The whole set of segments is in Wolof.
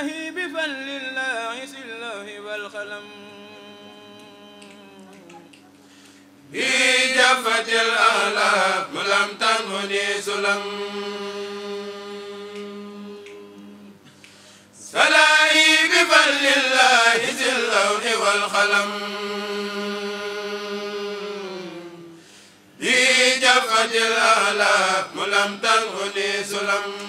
الله بفل اللاعس الله والقلم بجفة الأهلاب لم تنهني سلم سلائي بفل الله ذي اللون والقلم بجفة الأهلاب لم تنهني سلم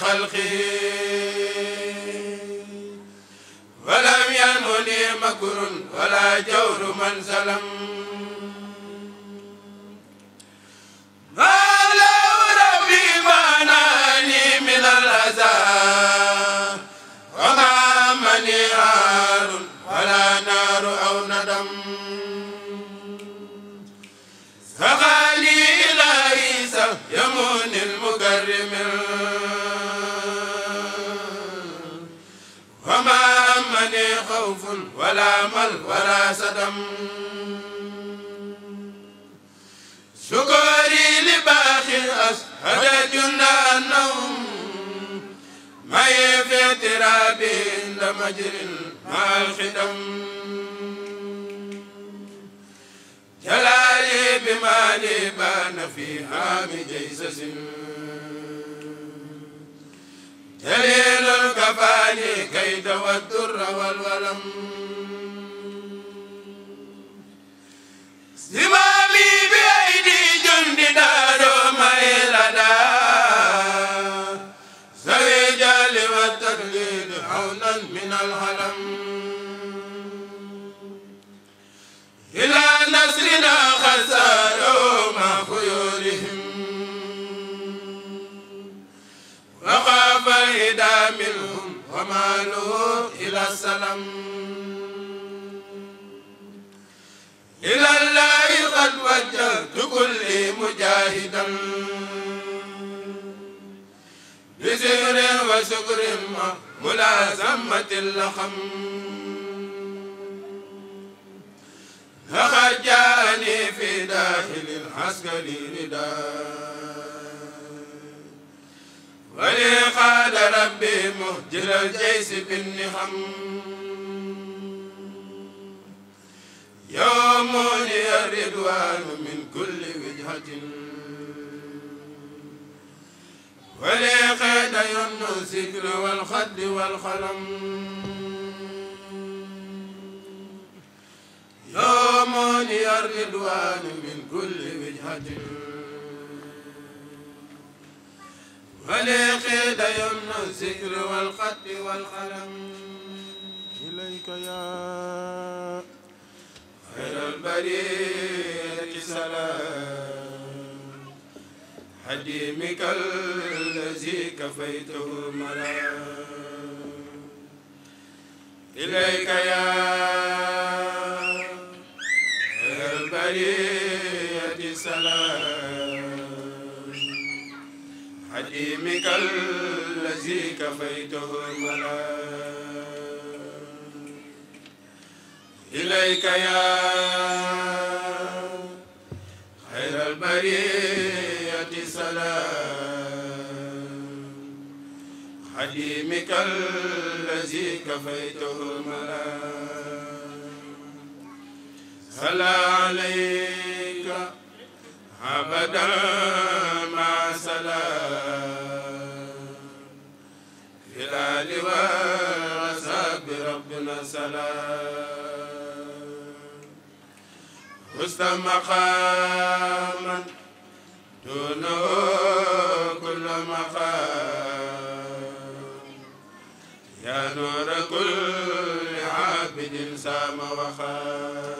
خلقه ولم ينهني مكر ولا جور من سلم خوف ولا مل ولا سدم شكري لباخر أسهد جن أنهم ما في اعتراب عند مجر مع الخدم جلالي بما لي بان في هام جيسس جليل الكفان كيد والدر والولم وسلم إلى الله قد وجهت كلي مجاهدا بزهر وشكر ملازمة اللخم لقد جاءني في داخل العسكري نداء ولقاد ربي مهجر الجيش بالنهم يوم الرضوان من كل وجهة ولقاد يمن الذكر والخد والخلم يوم الرضوان من كل وجهة وليقيد يمن الذكر والخط والقلم إليك يا خير البرية سلام حديمك الذي كفيته ملام إليك يا كالذي كفيته المنام إليك يا خير البرية سلام خديمك الذي كفيته المنام صلى عليك أبدا والسلام حسن مقاما دونه كل مقام يا نور كل عابد سام وخام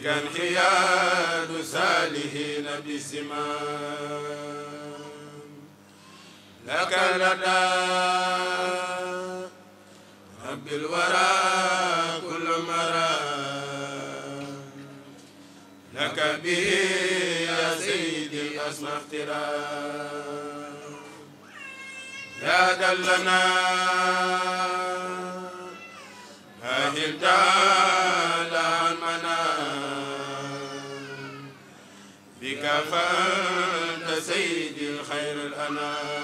بك الخيار سالهين بسمان لك لدى رب الورى كل مرى لك به يا سيدي الأسمى اختراع يا دلنا هاهل دار فأنت سيدي خير الأنام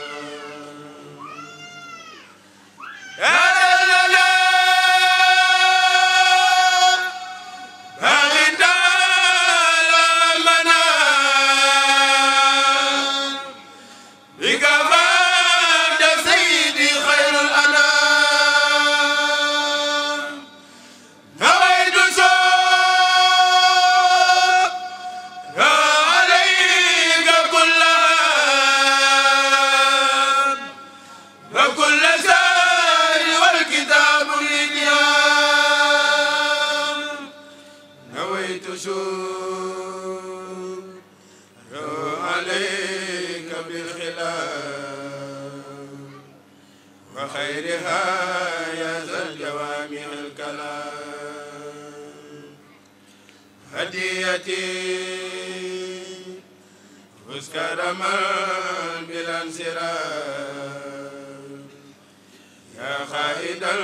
yaa xaaidan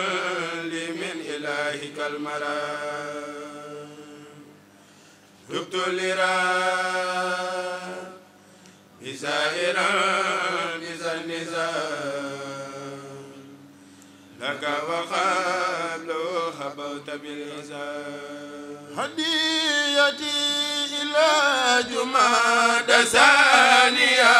li min ilaahika almara dubtu lira bisairan bisa nisa laka wa qablu habawta bilisa hadiyati ila jumada saniya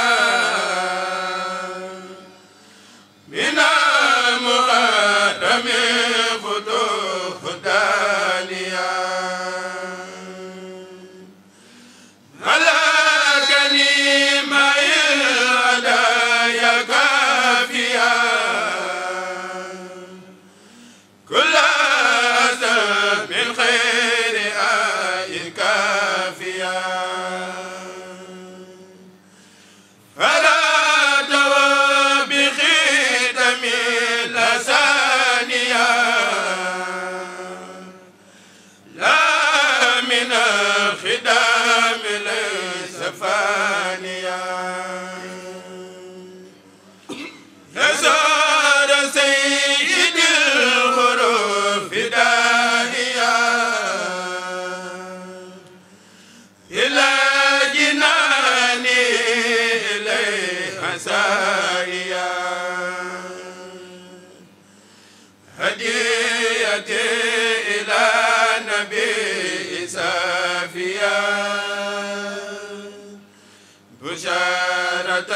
بشارة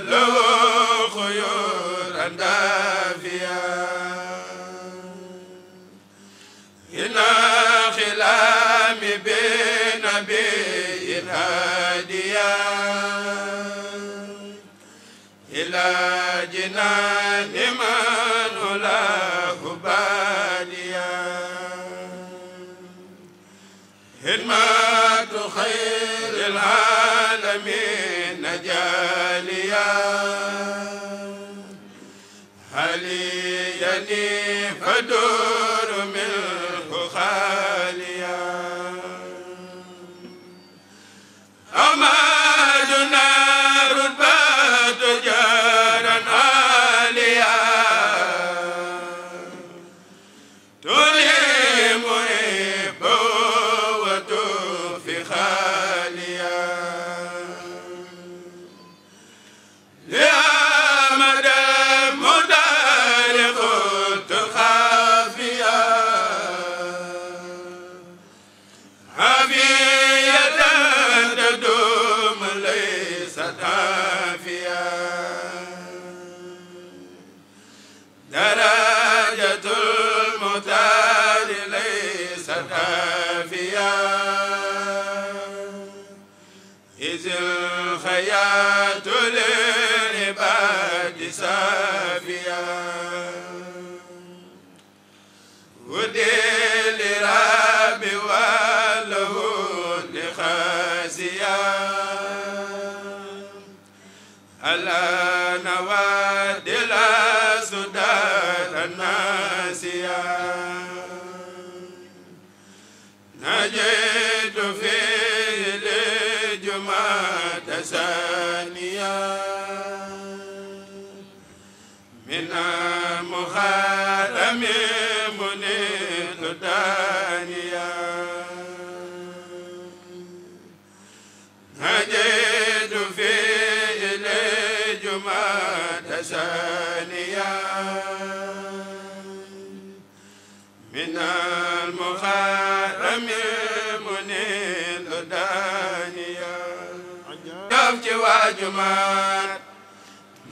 للخيول هليا هليا فدو wute jumaat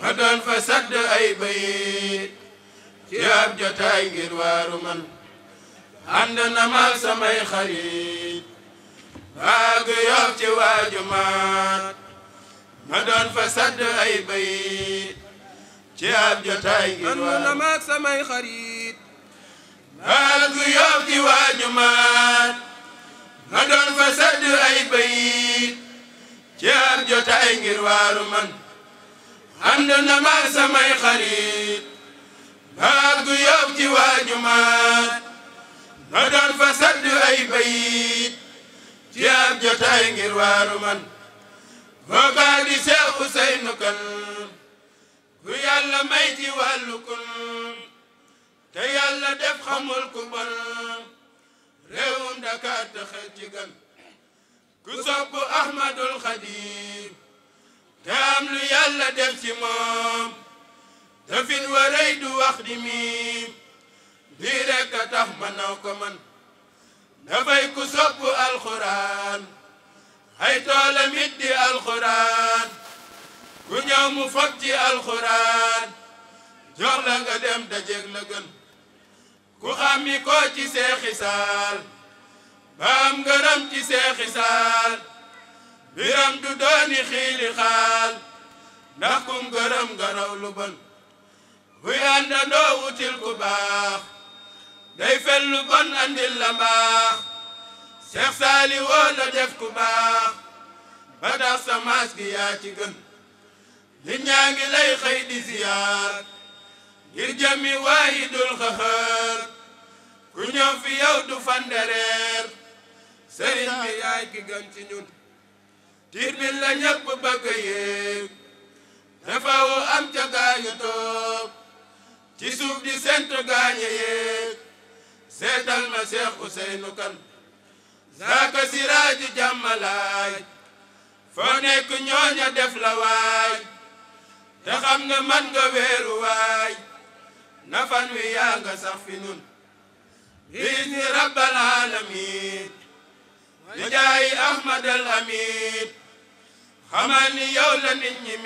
ma doon fa sadd ay bayit ci ab jotaay ngir waaru man ànd na ma samay xarit baag yof ci waa jumaat ma doon fa sadd ay bayit ci ab jotaay ngir waaru ànd na ma samay xarit baag yof ci waa jumaat ma doon fa sadd ay bayit ci ab jotaay ngir waaru man ànd na maag samay xarit baat gu yóob ci waaju maat ma doon fa sadd ay bayit ci ab jotaay ngir waaru man kookaa di Seex Useynu Kan ku yàlla may ci wàllu kun te yàlla def xamul ku bon réewum Dakar te xel ci gan ku sopp ahmadul xadim te am lu yàlla def ci moom dafin warey du wax di miim lii rekk a tax ma naw ko man dafay ku sopp alxuraan ay toolam it di alxuraan ku ñëw mu foog ci alxuraan jox la nga dem dajeeg la gën ku xàmmi ko ci seexisaal am ngërëm ci seexi biram du dooni xiili xaal ndax kum gërëm nga raw lu bon kuy àndandoo wutil ku baax day fel lu bon andil la mbaax seex woo la def ku baax ba tax sa maas gi yaa ci gën nit ñaa ngi lay xëy di ziyaar ngir jëmi waahidul xëxër ku ñëw fi yow du fandereer sëriñ bi yaay ki gën ci ñun tiit bi la ñëpp bëgg yéeg dafaw am ca gaañu toog ci suuf di sentu gaañu yéeg seetal ma Cheikh Ousseynou Kane zaaka siraaji jàmmalaay foo nekk ñooña def la waay te xam nga man nga weeru waay nafan wi yaa nga sax fi nun biis ni rabbal alamin li Ahmad al Hamid xamal ni yow la nit ñi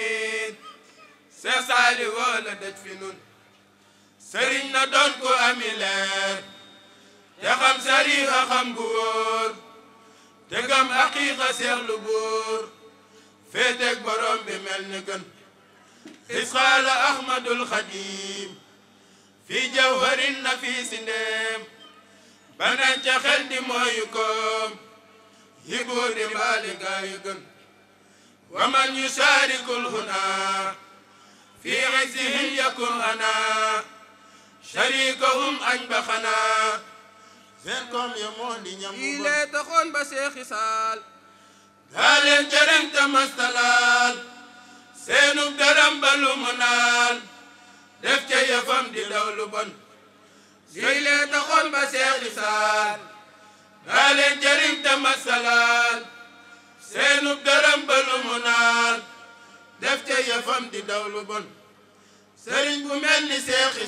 Seex Saali woo la fi nun sëriñ na doon ko ami leer te xam sariixa xam bu wóor te gëm aqiiqa seex lu buur féeteeg borom bi mel ni gën isxaala Ahmadul Xadim fi jawharin na fi si ndéem banaan ca xel di mooyu koom لبود مالك يقن ومن يشارك الهنا في عزهم يكن أنا شريكهم أنبخنا زنكم يمون يمون إلي تخون بشيخ سال دالين جرم تمستلال سينوب درم بلومنال دفتي يفهم دي دولو بن إلي تخون بشيخ سال daa leen jëriñ te masalaal seenu dërëm ba lu mu di daw bon sëriñ bu mel ni seexi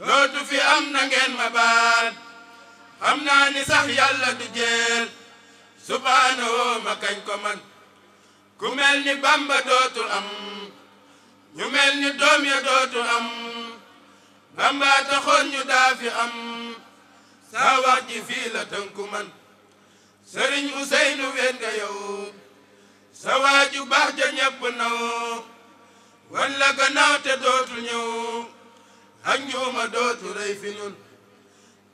dootu fi am na ngeen ma baal xam naa ni sax yàlla du jeel subhaanahu kañ ko man ku ni bamba dootul am ñu ni doom ya dootul am bamba taxoon ñu daa fi am saa wax ji fii la tënku man sëriñ Ousseynou wéet nga yow sa waaju baax ja ñepp naw wan la gannaaw te dootu ñëw dootu rëy fi ñun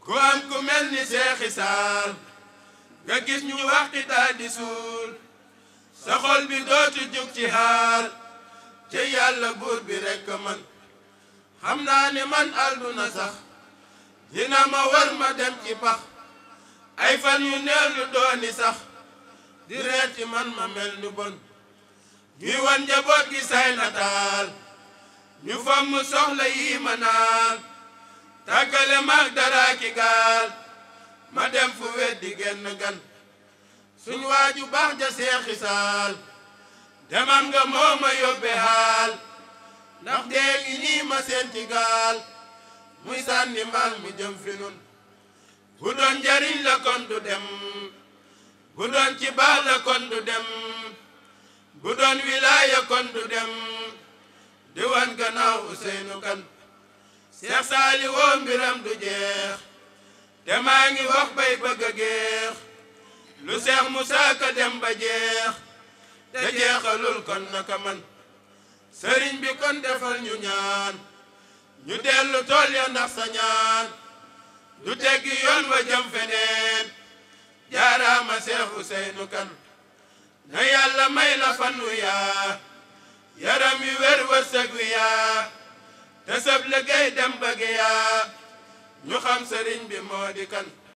ku am ku mel ni seexi saal nga gis ñu waxti di suul sa xol bi dootu jug ci yàlla buur bi man xam naa man alduna sax dina ma war ma dem ci pax ay fan yu néew yu dooni sax di reeti man ma mel ni bon ñuy wan njaboot gi say nataal ñu fomm soxla yi ma naan tàggale maag daraa ki gaal ma dem fu weddi genn gan suñ waaju baax ja seexi saal demam nga moo ma yóbbe xaal ndax dee ngi nii ma seen ci gaal muy sànni mbaal mi jëm fi nun bu doon njariñ la kon du dem bu doon ci baax la kon du dem bu doon wilaaya kon du dem di wan gannaaw Ousseynou Kane Seex Saali woo mbiram du jeex te maa ngi wax bay bëgg a geex lu Seex Musaa Ka dem ba jeex te jeexalul kon naka man sëriñ bi kon defal ñu ñaan ñu dellu tool ya ndax sa ñaan du teggi yoon wa jëm feneen jaaraama Seex Useynu Kan na yàlla may la fan wu yaa yaram yu wér wërsëg wi yaa te sab dem bëgg yaa ñu xam sëriñ bi moo di kan